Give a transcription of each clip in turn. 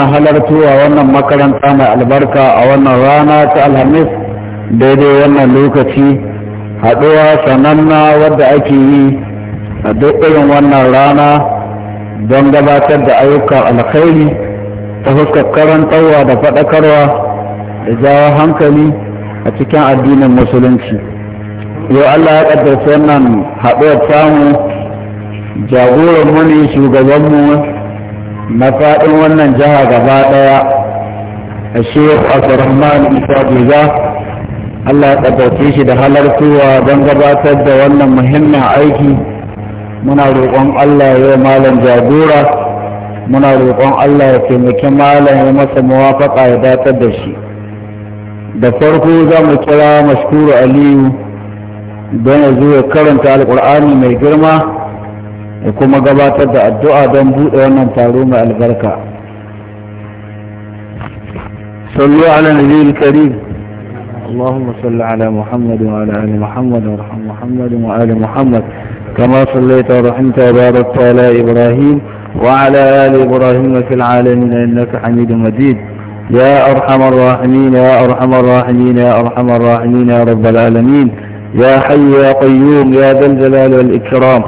na halartu a wannan makaranta mai albarka a wannan rana ta alhamis daidai wannan lokaci haɗuwa sananna wadda ake yi a duk irin wannan rana don gabatar da ayyukan alkhairi ta fuskar karantarwa da faɗakarwa da jawo hankali a cikin addinin musulunci yau allah ya ƙaddarci wannan haɗuwar samu jagoran ne shugabanmu mafaɗin wannan jiha gaba ɗaya a shehu abdurrahman isa guza allah ya shi da halartuwa don gabatar da wannan muhimmin aiki muna roƙon allah ya malam jagora muna roƙon allah ya taimaki malam ya masa mawafaƙa ya datar da shi da farko za mu kira mashkuru aliyu don ya zo ya karanta alƙur'ani mai girma da kuma gabatar da addu'a don buɗe wannan taro mai albarka sallu ala nabiyil karim اللهم صل على محمد وعلى آل محمد وارحم محمد وآل محمد كما صليت ورحمت وباركت على إبراهيم وعلى آل إبراهيم في العالمين إنك حميد مجيد يا أرحم الراحمين يا أرحم الراحمين يا أرحم الراحمين يا رب العالمين يا حي يا قيوم يا ذا الجلال والإكرام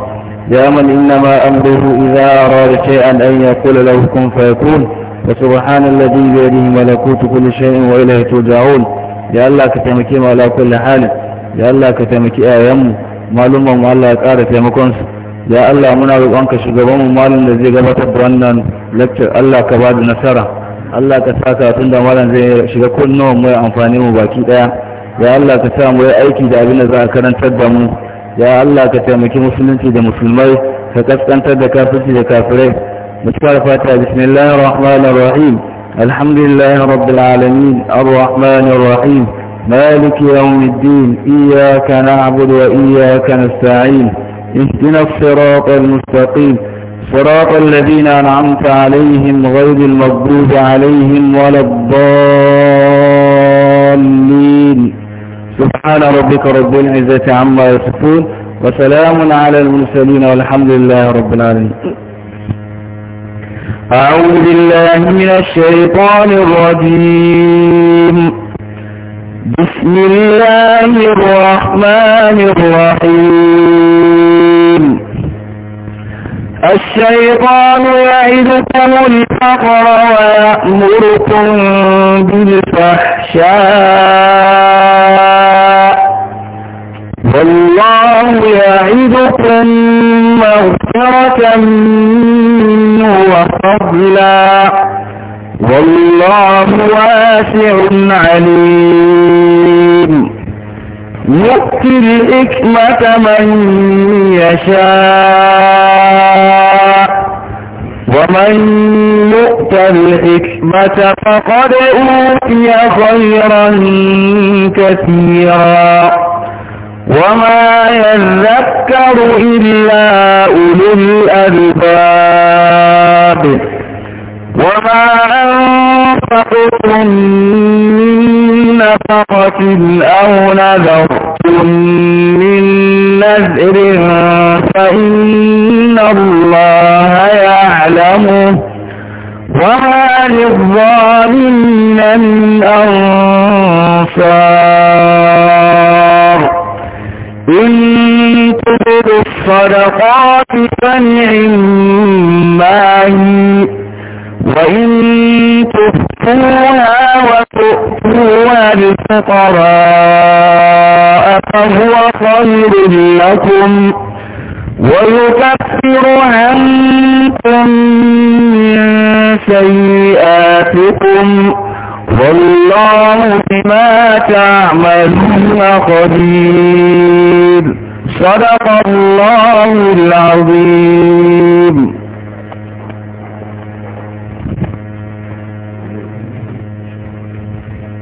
يا من إنما أمره إذا أراد شيئا أن يقول له كن فيكون فسبحان الذي بيده ملكوت كل شيء وإليه ترجعون يا الله كتمكيم على كل حال يا الله كتمكي آيام معلومة ما الله يقار تيمكونس يا الله منا روانك شغبان مال الذي قبط برنان لكتر الله كباد نصرة الله كساكا تندى مالا زي شغا كل نوم ويأنفاني مباكي يا الله كسام ويأيكي دابين ذا كرن تدبمو ya Allah ka taimaki musulunci da musulmai ka kaskantar da kafirci da kafirai mutuwar fata bismillahir rahmanir rahim alhamdulillahi rabbil alamin arrahmanir rahim مالك يوم الدين إياك نعبد وإياك نستعين اهدنا الصراط المستقيم صراط الذين أنعمت عليهم غير المغضوب عليهم ولا الضالين سبحان ربك رب العزة عما يصفون وسلام على المرسلين والحمد لله رب العالمين أعوذ بالله من الشيطان الرجيم بسم الله الرحمن الرحيم الشيطان يعدكم الفقر ويأمركم بالفحشاء والله يعدكم مغفرة منه وفضلا والله واسع عليم يؤتي الحكمة من يشاء ومن يؤت الحكمة فقد أوتي خيرا كثيرا وما يذكر إلا أولو الألباب وما أنفقتم من نفقة أو نذرتم من نذر فإن الله يعلمه وما للظالمين إن تبدوا الصدقات فنعما وإن تُفْتُوهَا وتؤتوها الفقراء فهو خير لكم ويكفر عنكم من سيئاتكم والله بما تعملون خبير صدق الله العظيم